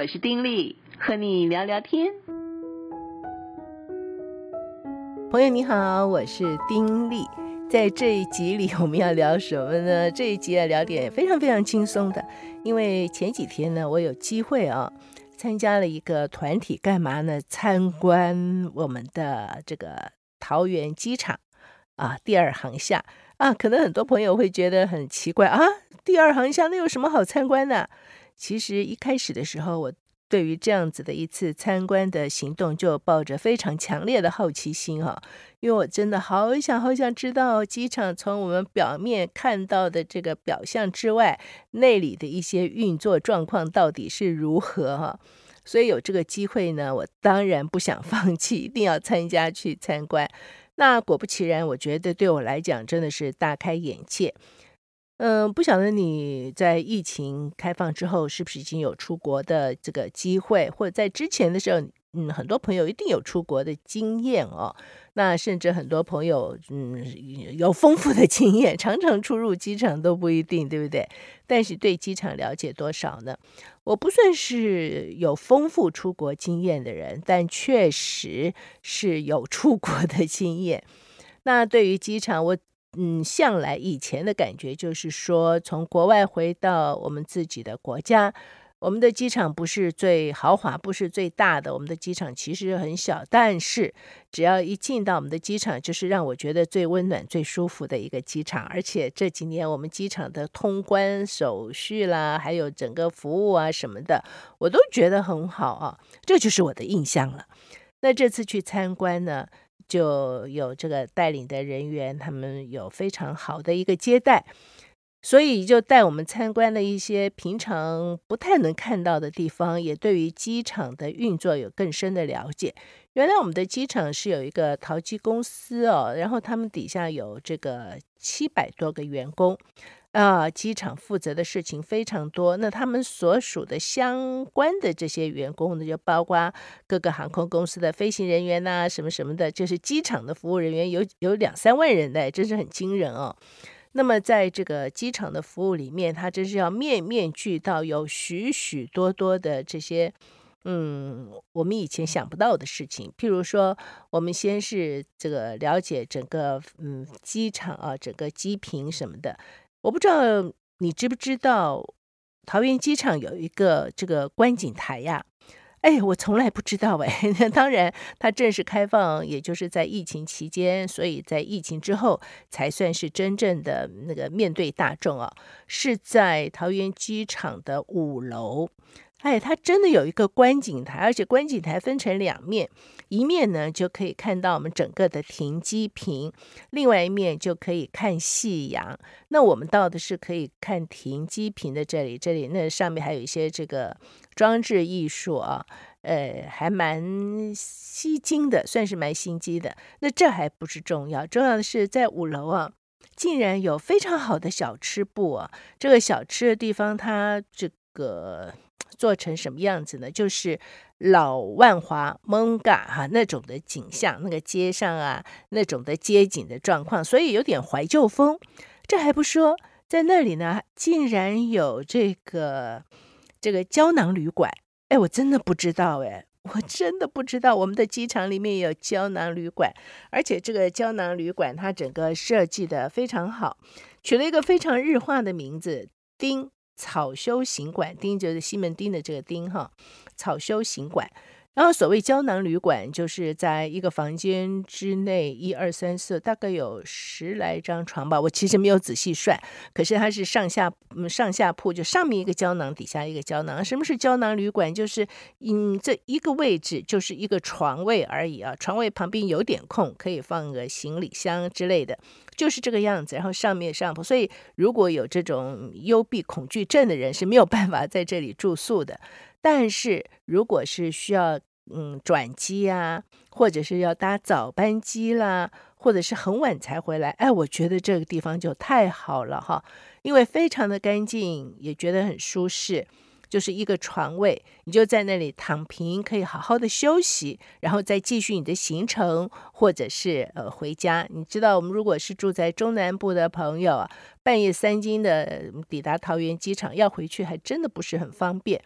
我是丁莉，和你聊聊天。朋友你好，我是丁莉。在這一集裡，我們要聊什麼呢？這一集要聊點非常非常輕鬆的，因為前幾天呢，我有機會啊、哦，參加了一個團體，幹嘛呢？參觀我們的這個桃園機場啊，第二航廈啊。可能很多朋友會覺得很奇怪啊，第二航廈那有什麼好參觀的？其實一開始的時候，我對於這樣子的一次參觀的行動就抱着非常強烈的好奇心哈，因為我真的好想好想知道機場從我們表面看到的這個表象之外，內裡的一些運作狀況到底是如何哈。所以有這個機會呢，我當然不想放棄，一定要參加去參觀。那果不其然，我覺得對我來講真的是大開眼界。嗯，不曉得你在疫情開放之後是不是已經有出國的這個機會，或者在之前的時候，嗯，很多朋友一定有出國的經驗哦。那甚至很多朋友，嗯，有豐富的經驗，常常出入機場都不一定，對不對？但是對機場了解多少呢？我不算是有豐富出國經驗的人，但確實是有出國的經驗。那對於機場，我。嗯，向來以前的感覺就是說，從國外回到我們自己的國家，我們的機場不是最豪華，不是最大的，我們的機場其實很小。但是，只要一進到我們的機場，就是讓我覺得最溫暖、最舒服的一個機場。而且這幾年，我們機場的通關手續啦，還有整個服務啊什麼的，我都覺得很好啊。這就是我的印象了。那這次去參觀呢？就有這個帶領的人員，他們有非常好的一個接待，所以就帶我們參觀了一些平常不太能看到的地方，也對於機場的運作有更深的了解。原來我們的機場是有一個桃機公司哦，然後他們底下有這個七百多個員工。啊，機場負責的事情非常多。那他們所屬的相關的這些員工呢，就包括各個航空公司的飛行人員吶，什麼什麼的，就是機場的服務人員有有兩三萬人呢，真是很驚人哦。那麼在這個機場的服務裡面，他真是要面面俱到，有許許多多的這些，嗯，我們以前想不到的事情。譬如說，我們先是這個了解整個嗯機場啊，整個機坪什麼的。我不知道你知不知道，桃園機場有一個這個觀景臺呀？哎，我從來不知道哎。那當然，它正式開放也就是在疫情期間，所以在疫情之後才算是真正的那個面對大眾啊、哦，是在桃園機場的五樓。哎，它真的有一個觀景台，而且觀景台分成兩面，一面呢就可以看到我們整個的停機坪，另外一面就可以看夕陽。那我們到的是可以看停機坪的這裡，這裡那上面還有一些這個裝置藝術啊，呃，還蠻吸睛的，算是蠻心機的。那這還不是重要，重要的是在五樓啊，竟然有非常好的小吃部啊，這個小吃的地方，它這個。做成什麼樣子呢？就是老萬華艋舺、啊、那種的景象，那個街上啊那種的街景的狀況，所以有點懷舊風。這還不說，在那裡呢，竟然有這個這個膠囊旅館。哎，我真的不知道，哎，我真的不知道我們的機場裡面有膠囊旅館，而且這個膠囊旅館它整個設計得非常好，取了一個非常日化的名字，丁。草修行館，町就是西門町的這個町哈，草修行館。然後所謂膠囊旅館，就是在一個房間之內，一二三四，大概有十來張床吧。我其實沒有仔細算，可是它是上下，嗯，上下鋪，就上面一個膠囊，底下一個膠囊。什麼是膠囊旅館？就是，嗯，這一個位置就是一個床位而已啊。床位旁邊有點空，可以放個行李箱之類的，就是這個樣子。然後上面上鋪，所以如果有這種幽閉恐懼症的人是沒有辦法在這裡住宿的。但是如果是需要嗯，轉機呀、啊，或者是要搭早班機啦，或者是很晚才回來，哎，我覺得這個地方就太好了哈，因為非常的乾淨，也覺得很舒適，就是一個床位，你就在那裡躺平，可以好好的休息，然後再繼續你的行程，或者是呃回家。你知道，我們如果是住在中南部的朋友，啊，半夜三更的抵達桃園機場要回去，還真的不是很方便，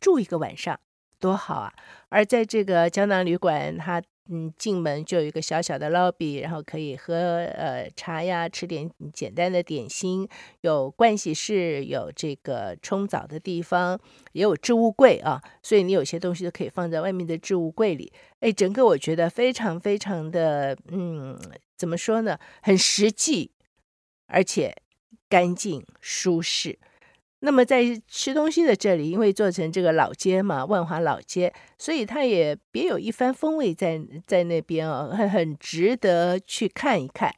住一個晚上。多好啊！而在這個膠囊旅館，它嗯進門就有一個小小的 lobby，然後可以喝呃茶呀，吃點簡單的點心，有盥洗室，有這個沖澡的地方，也有置物櫃啊，所以你有些東西都可以放在外面的置物櫃裡。哎，整個我覺得非常非常的嗯，怎麼說呢？很實際，而且乾淨，舒適。那麼在吃東西的這裡，因為做成這個老街嘛，萬華老街，所以它也別有一番風味在在那邊，哦，很，很值得去看一看。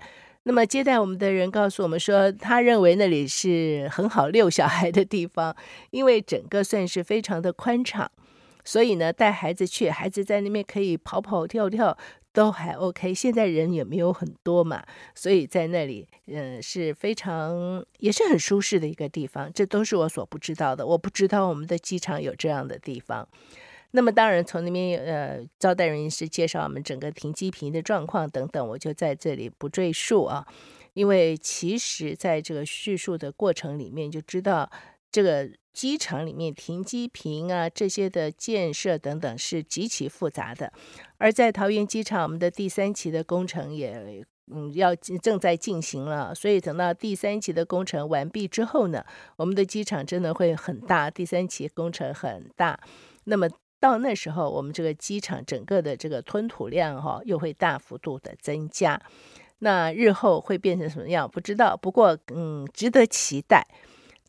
那麼接待我們的人告訴我們說，他認為那裡是很好遛小孩的地方，因為整個算是非常的寬敞，所以呢，帶孩子去，孩子在那邊可以跑跑跳跳。都還 OK，現在人也沒有很多嘛，所以在那裡，嗯，是非常也是很舒適的一個地方。這都是我所不知道的，我不知道我們的機場有這樣的地方。那麼，當然從那邊呃，招待人員是介紹我們整個停機坪的狀況等等，我就在這裡不贅述啊，因為其實在這個敘述的過程裡面就知道這個。機場裡面停機坪啊，這些的建設等等是極其複雜的，而在桃園機場，我們的第三期的工程也嗯要正在進行了，所以等到第三期的工程完畢之後呢，我們的機場真的會很大，第三期工程很大，那麼到那時候，我們這個機場整個的這個吞吐量哈、哦、又會大幅度的增加，那日後會變成什麼樣？不知道，不過嗯值得期待。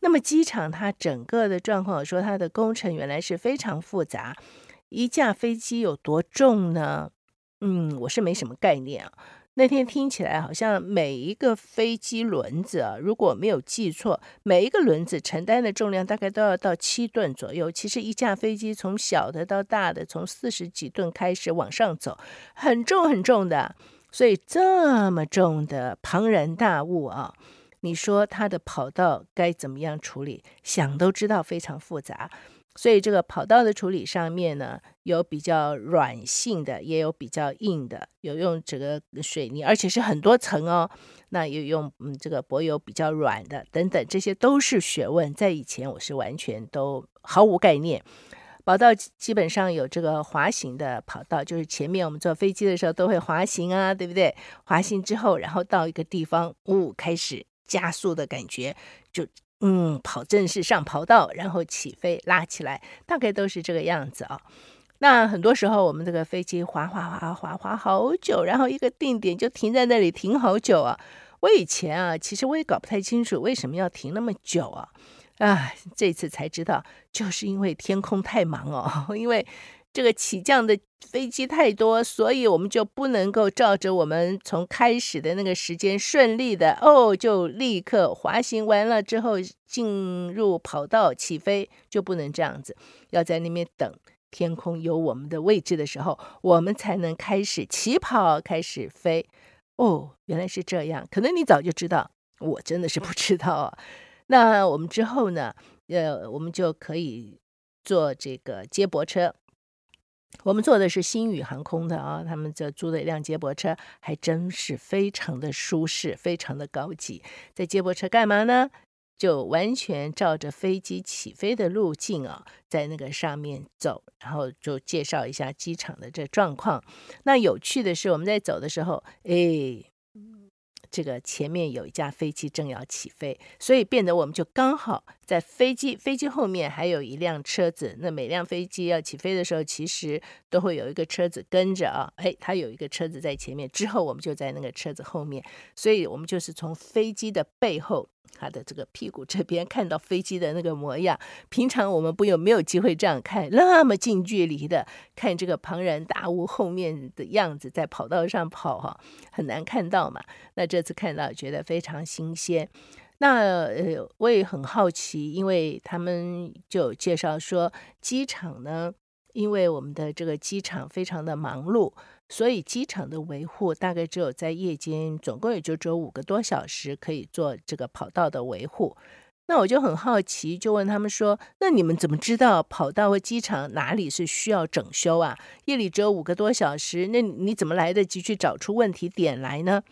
那麼機場它整個的狀況，說它的工程原來是非常複雜。一架飛機有多重呢？嗯，我是沒什麼概念啊。那天聽起來好像每一個飛機輪子啊，如果沒有記錯，每一個輪子承擔的重量大概都要到七噸左右。其實一架飛機從小的到大的，從四十幾噸開始往上走，很重很重的。所以這麼重的龐然大物啊。你說它的跑道該怎麼樣處理？想都知道非常複雜，所以這個跑道的處理上面呢，有比較軟性的，也有比較硬的，有用這個水泥，而且是很多層哦。那有用嗯這個柏油比較軟的等等，這些都是學問。在以前我是完全都毫無概念。跑道基本上有這個滑行的跑道，就是前面我們坐飛機的時候都會滑行啊，對不對？滑行之後，然後到一個地方，嗚、哦、開始。加速的感覺，就嗯，跑正式上跑道，然後起飛拉起來，大概都是這個樣子啊、哦。那很多時候我們這個飛機滑，滑滑滑滑滑，好久，然後一個定點就停在那裡停好久啊。我以前啊，其實我也搞不太清楚為什麼要停那麼久啊。啊，這次才知道，就是因為天空太忙哦，因為。這個起降的飛機太多，所以我們就不能夠照着我們從開始的那個時間順利的哦，就立刻滑行完了之後進入跑道起飛，就不能這樣子，要在那邊等天空有我們的位置的時候，我們才能開始起跑開始飛。哦，原來是這樣，可能你早就知道，我真的是不知道啊。那我們之後呢？呃，我們就可以坐這個接駁車。我們坐的是星宇航空的啊、哦，他們這租的一輛接駁車，還真是非常的舒適，非常的高級。在接駁車幹嘛呢？就完全照着飛機起飛的路徑啊、哦，在那個上面走，然後就介紹一下機場的這狀況。那有趣的是，我們在走的時候，哎，這個前面有一架飛機正要起飛，所以變得我們就剛好。在飛機飛機後面還有一輛車子，那每輛飛機要起飛的時候，其實都會有一個車子跟着啊。誒、哎，它有一個車子在前面，之後我們就在那個車子後面，所以我們就是從飛機的背後，它的這個屁股這邊看到飛機的那個模樣。平常我們不有沒有機會這樣看，那麼近距離的看這個龐然大物後面的樣子，在跑道上跑哈、啊，很難看到嘛。那這次看到，覺得非常新鮮。那呃，我也很好奇，因為他們就介紹說，機場呢，因為我們的這個機場非常的忙碌，所以機場的維護大概只有在夜間，總共也就只有五個多小時可以做這個跑道的維護。那我就很好奇，就問他們說，那你們怎麼知道跑道和機場哪裡是需要整修啊？夜裡只有五個多小時，那你怎麼來得及去找出問題點來呢？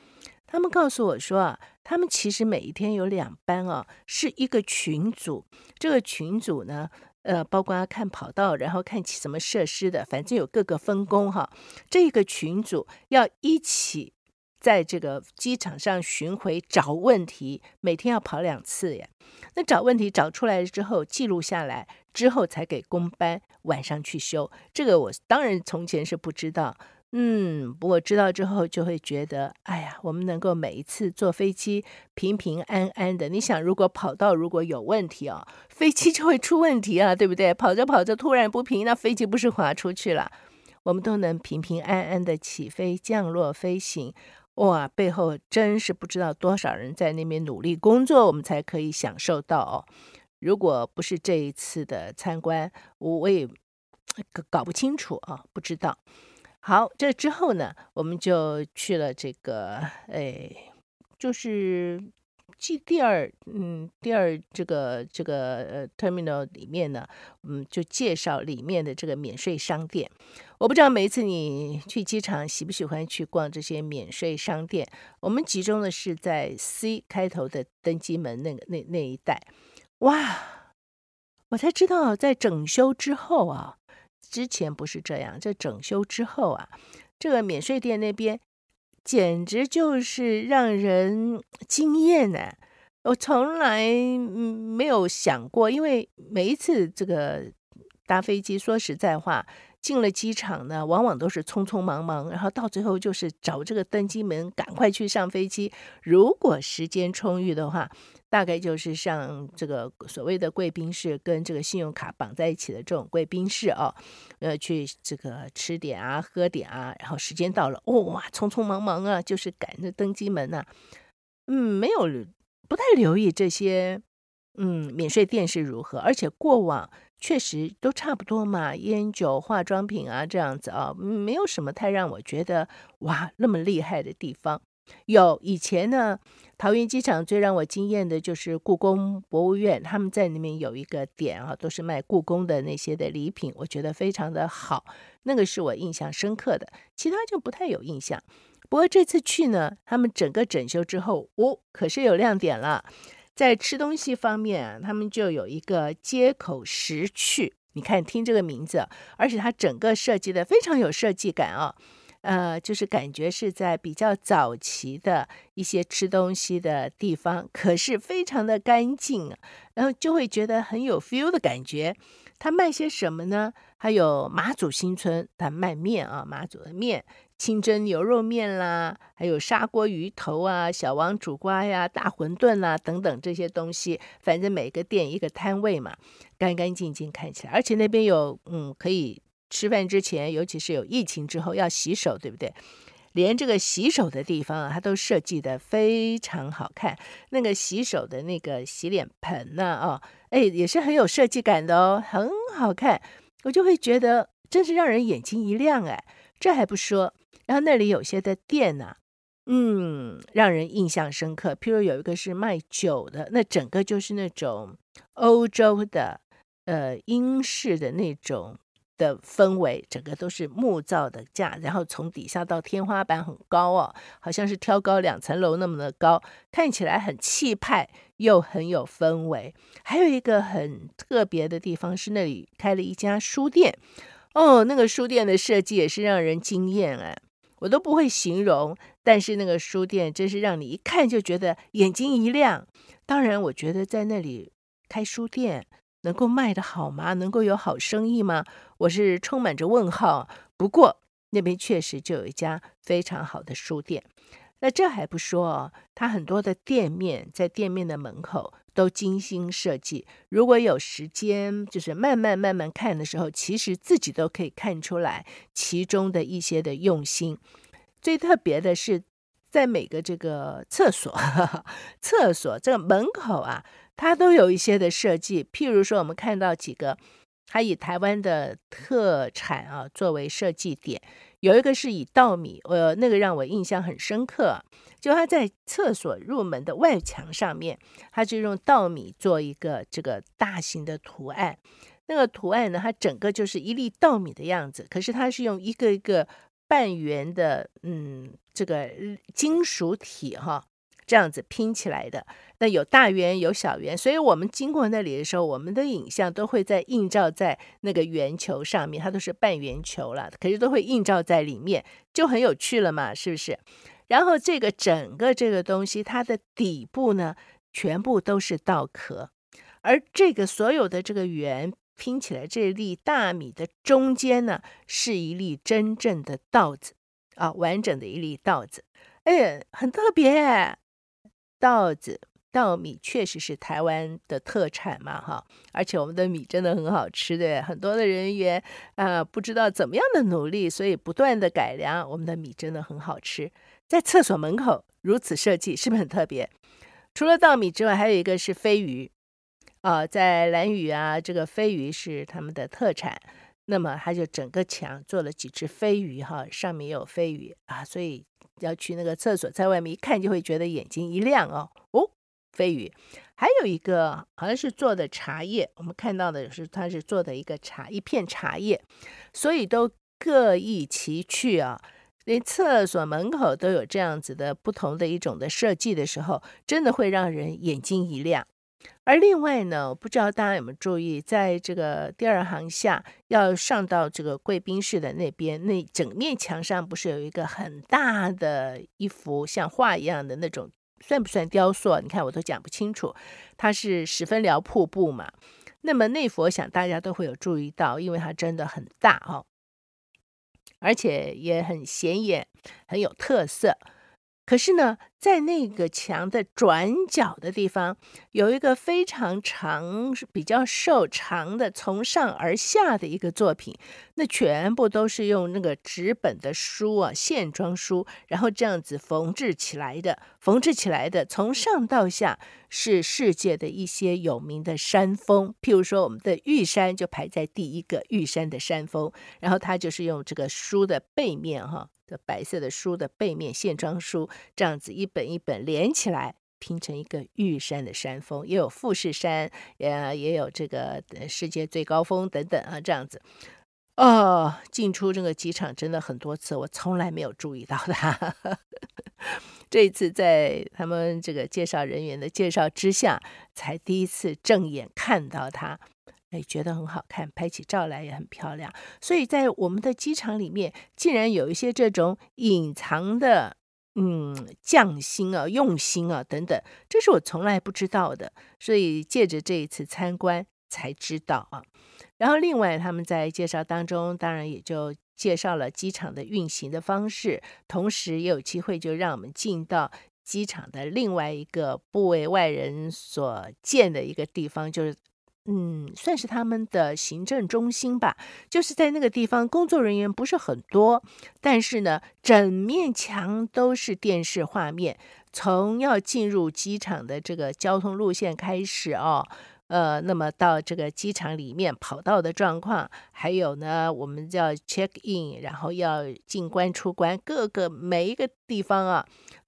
他們告訴我說啊，他們其實每一天有兩班哦，是一個群組。這個群組呢，呃，包括看跑道，然後看什麼設施的，反正有各個分工哈。這個群組要一起在這個機場上巡迴找問題，每天要跑兩次呀。那找問題找出來了之後，記錄下來之後才給工班晚上去修。這個我當然從前是不知道。嗯，我知道之後就會覺得，哎呀，我們能夠每一次坐飛機平平安安的。你想，如果跑道如果有問題哦，飛機就會出問題啊，對不對？跑着跑着突然不平，那飛機不是滑出去了？我們都能平平安安的起飛、降落、飛行，哇，背後真是不知道多少人在那邊努力工作，我們才可以享受到哦。如果不是這一次的參觀，我，我也搞不清楚啊，不知道。好，這之後呢，我們就去了這個，哎，就是去第二嗯，第二這個這個呃 terminal 裡面呢，嗯，就介紹裡面的這個免稅商店。我不知道每一次你去機場喜不喜歡去逛這些免稅商店？我們集中的是在 C 開頭的登機門那個那那一帶。哇，我才知道在整修之後啊。之前不是這樣，這整修之後啊，這個免稅店那邊簡直就是讓人驚豔呢，啊！我從來沒有想過，因為每一次這個搭飛機，說實在話。進了機場呢，往往都是匆匆忙忙，然後到最後就是找這個登機門，趕快去上飛機。如果時間充裕的話，大概就是上這個所謂的貴賓室，跟這個信用卡綁在一起的這種貴賓室啊，呃，去這個吃點啊，喝點啊，然後時間到了，哦、哇，匆匆忙忙啊，就是趕着登機門吶、啊，嗯，沒有不太留意這些，嗯，免稅店是如何，而且過往。確實都差不多嘛，菸酒、化妝品啊這樣子啊，沒有什麼太讓我覺得哇那麼厲害的地方。有以前呢，桃園機場最讓我驚艷的就是故宮博物院，他們在那邊有一個店啊，都是賣故宮的那些的禮品，我覺得非常的好，那個是我印象深刻的。其他就不太有印象。不過這次去呢，他們整個整修之後，哦，可是有亮點了。在吃東西方面啊，他們就有一個街口食趣，你看聽這個名字，而且它整個設計的非常有設計感啊、哦，呃，就是感覺是在比較早期的一些吃東西的地方，可是非常的乾淨，然後就會覺得很有 feel 的感覺。它賣些什麼呢？還有馬祖新村，它賣麵啊，馬祖的麵。清蒸牛肉麵啦，還有砂鍋魚頭啊，小王煮瓜呀，大餛飩啦，啊，等等這些東西，反正每個店一個攤位嘛，乾乾淨淨看起來，而且那邊有嗯，可以吃飯之前，尤其是有疫情之後要洗手，對不對？連這個洗手的地方啊，它都設計得非常好看，那個洗手的那個洗臉盆吶，哦，哎，也是很有設計感的哦，很好看，我就會覺得真是讓人眼睛一亮哎，這還不說。然後那裡有些的店呢、啊，嗯，讓人印象深刻。譬如有一個是賣酒的，那整個就是那種歐洲的，呃，英式的那種的氛圍，整個都是木造的架，然後從底下到天花板很高哦，好像是挑高兩層樓那麼的高，看起來很氣派又很有氛圍。還有一個很特別的地方是那裡開了一家書店，哦，那個書店的設計也是讓人驚艷啊。我都不會形容，但是那個書店真是讓你一看就覺得眼睛一亮。當然，我覺得在那裡開書店能夠賣得好嗎？能夠有好生意嗎？我是充滿着問號。不過那邊確實就有一家非常好的書店。那這還不說哦，它很多的店面在店面的門口都精心設計。如果有時間，就是慢慢慢慢看的時候，其實自己都可以看出來其中的一些的用心。最特別的是，在每個這個廁所、廁所這個門口啊，它都有一些的設計。譬如說，我們看到幾個，它以台灣的特產啊作為設計點。有一個是以稻米，呃，那個讓我印象很深刻啊，就他在廁所入門的外牆上面，他就用稻米做一個這個大型的圖案，那個圖案呢，它整個就是一粒稻米的樣子，可是它是用一個一個半圓的，嗯，這個金屬體哈。這樣子拼起來的，那有大圓，有小圓，所以我們經過那裡的時候，我們的影像都會在映照在那個圓球上面，它都是半圓球了，可是都會映照在裡面，就很有趣了嘛，是不是？然後這個整個這個東西，它的底部呢，全部都是稻殼，而這個所有的這個圓拼起來，這粒大米的中間呢，是一粒真正的稻子啊，完整的一粒稻子，哎呀，很特別，哎。稻子、稻米確實是台灣的特產嘛，哈，而且我們的米真的很好吃，對，很多的人員啊、呃，不知道怎麼樣的努力，所以不斷的改良，我們的米真的很好吃。在廁所門口如此設計，是不是很特別？除了稻米之外，還有一個是飛魚，啊、呃，在蘭嶼啊，這個飛魚是他們的特產。那麼他就整個牆做了幾隻飛魚哈，上面也有飛魚啊，所以要去那個廁所，在外面一看就會覺得眼睛一亮哦。哦，飛魚，還有一個好像，啊，是做的茶葉，我們看到的是它是做的一個茶，一片茶葉，所以都各異其趣啊，連廁所門口都有這樣子的不同的一種的設計的時候，真的會讓人眼睛一亮。而另外呢，我不知道大家有沒有注意，在這個第二航廈，要上到這個貴賓室的那邊，那整面牆上不是有一個很大的一幅像畫一樣的那種，算不算雕塑？你看我都講不清楚，它是十分寮瀑布嘛。那麼那幅，我想大家都會有注意到，因為它真的很大哦，而且也很顯眼，很有特色。可是呢，在那個牆的轉角的地方，有一個非常長、比較瘦長的，從上而下的一個作品。那全部都是用那個紙本的書啊，線裝書，然後這樣子縫制起來的。縫制起來的，從上到下是世界的一些有名的山峰，譬如說我們的玉山就排在第一個，玉山的山峰。然後它就是用這個書的背面哈、啊。的白色的書的背面，線裝書這樣子一本一本連起來拼成一個玉山的山峰，也有富士山，呃，也有這個世界最高峰等等啊，這樣子哦，進出這個機場真的很多次，我從來沒有注意到它， 這一次在他們這個介紹人員的介紹之下，才第一次正眼看到它。哎，覺得很好看，拍起照來也很漂亮。所以在我們的機場裡面，竟然有一些這種隱藏的，嗯，匠心啊、用心啊等等，這是我從來不知道的。所以借着這一次參觀才知道啊。然後另外他們在介紹當中，當然也就介紹了機場的運行的方式，同時也有機會就讓我們進到機場的另外一個不為外人所見的一個地方，就是。嗯，算是他們的行政中心吧，就是在那個地方，工作人員不是很多，但是呢，整面牆都是電視畫面，從要進入機場的這個交通路線開始啊、哦，呃，那麼到這個機場裡面跑道的狀況，還有呢，我們叫 check in，然後要進關出關，各個每一個地方啊，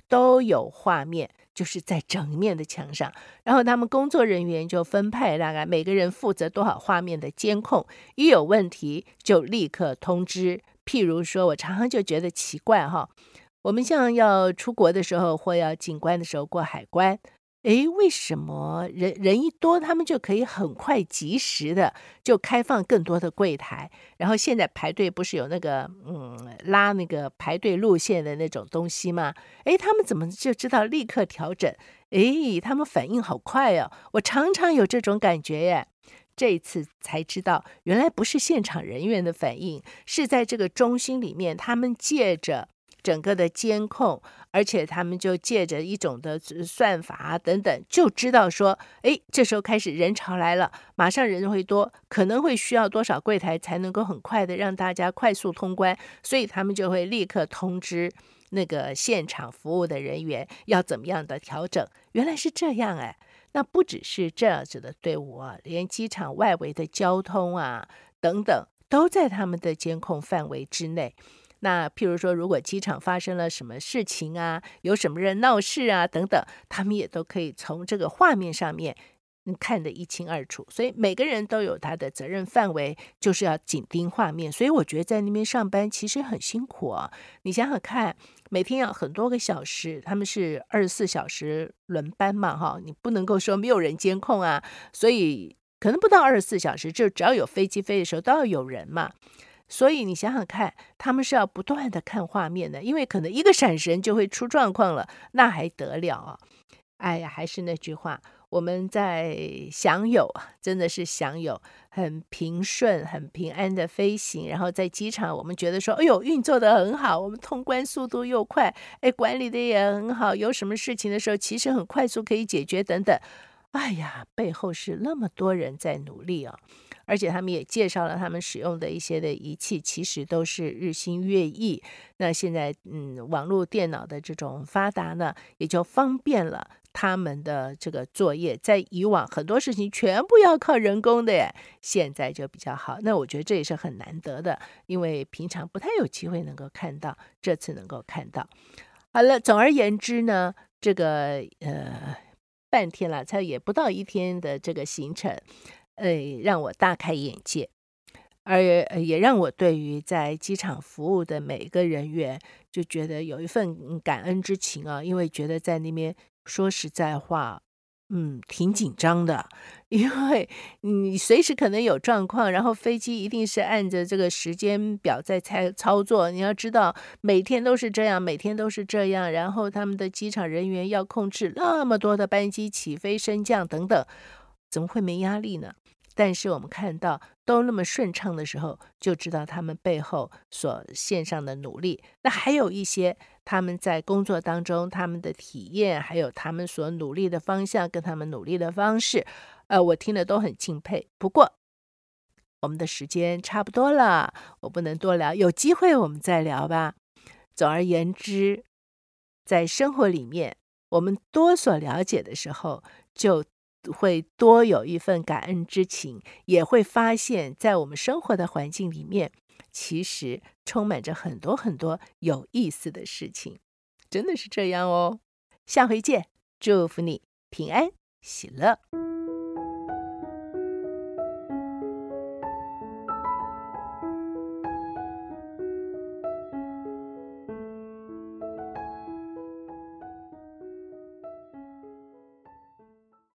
都有畫面。就是在整面的牆上，然後他們工作人員就分配大概每個人負責多少畫面的監控，一有問題就立刻通知。譬如說，我常常就覺得奇怪哈，我們像要出國的時候或要進關的時候過海關。誒、哎，為什麼人人一多，他們就可以很快及時的就開放更多的櫃檯？然後現在排隊不是有那個嗯拉那個排隊路線的那種東西嗎？誒、哎，他們怎麼就知道立刻調整？誒、哎，他們反應好快哦！我常常有這種感覺耶，這一次才知道，原來不是現場人員的反應，是在這個中心裡面，他們借着。整個的監控，而且他們就借着一種的算法等等，就知道說，哎，這時候開始人潮來了，馬上人會多，可能會需要多少櫃台才能夠很快的讓大家快速通關，所以他們就會立刻通知那個現場服務的人員要怎麼樣的調整。原來是這樣哎，那不只是這樣子的隊伍啊，連機場外圍的交通啊等等，都在他們的監控範圍之內。那譬如說，如果機場發生了什麼事情啊，有什麼人鬧事啊，等等，他們也都可以從這個畫面上面看得一清二楚。所以每個人都有他的責任範圍，就是要緊盯畫面。所以我覺得在那邊上班其實很辛苦啊。你想想看，每天要、啊、很多個小時，他們是二十四小時輪班嘛，哈，你不能夠說沒有人監控啊。所以可能不到二十四小時，就只要有飛機飛的時候，都要有人嘛。所以你想想看，他們是要不斷的看畫面的，因為可能一個閃神就會出狀況了，那還得了啊、哦！哎呀，還是那句話，我們在享有，真的是享有很平順、很平安的飛行。然後在機場，我們覺得說，哎呦，運作得很好，我們通關速度又快，哎，管理的也很好，有什麼事情的時候，其實很快速可以解決等等。哎呀，背後是那麼多人在努力啊、哦。而且他們也介紹了他們使用的一些的儀器，其實都是日新月異。那現在，嗯，網絡電腦的這種發達呢，也就方便了他們的這個作業。在以往，很多事情全部要靠人工的耶，現在就比較好。那我覺得這也是很難得的，因為平常不太有機會能夠看到，這次能夠看到。好了，總而言之呢，這個呃半天了，才也不到一天的這個行程。誒、哎，讓我大開眼界，而也，也讓我對於在機場服務的每一個人員就覺得有一份感恩之情啊，因為覺得在那邊說實在話，嗯，挺緊張的，因為你隨時可能有狀況，然後飛機一定是按着這個時間表在操操作，你要知道每天都是這樣，每天都是這樣，然後他們的機場人員要控制那麼多的班機起飛、升降等等，怎麼會沒壓力呢？但是我們看到都那麼順暢的時候，就知道他們背後所獻上的努力。那還有一些他們在工作當中他們的體驗，還有他們所努力的方向跟他們努力的方式，呃，我聽的都很敬佩。不過我們的時間差不多了，我不能多聊，有機會我們再聊吧。總而言之，在生活裡面我們多所了解的時候，就，會多有一份感恩之情，也會發現，在我們生活的環境裡面，其實充滿着很多很多有意思的事情，真的是這樣哦。下回見，祝福你平安喜樂。